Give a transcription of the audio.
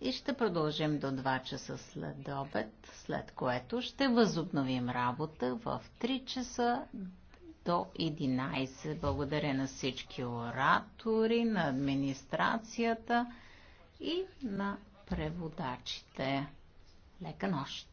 и ще продължим до 2 часа след обед, след което ще възобновим работа в 3 часа до 11. Благодаря на всички оратори, на администрацията и на преводачите. Лека нощ!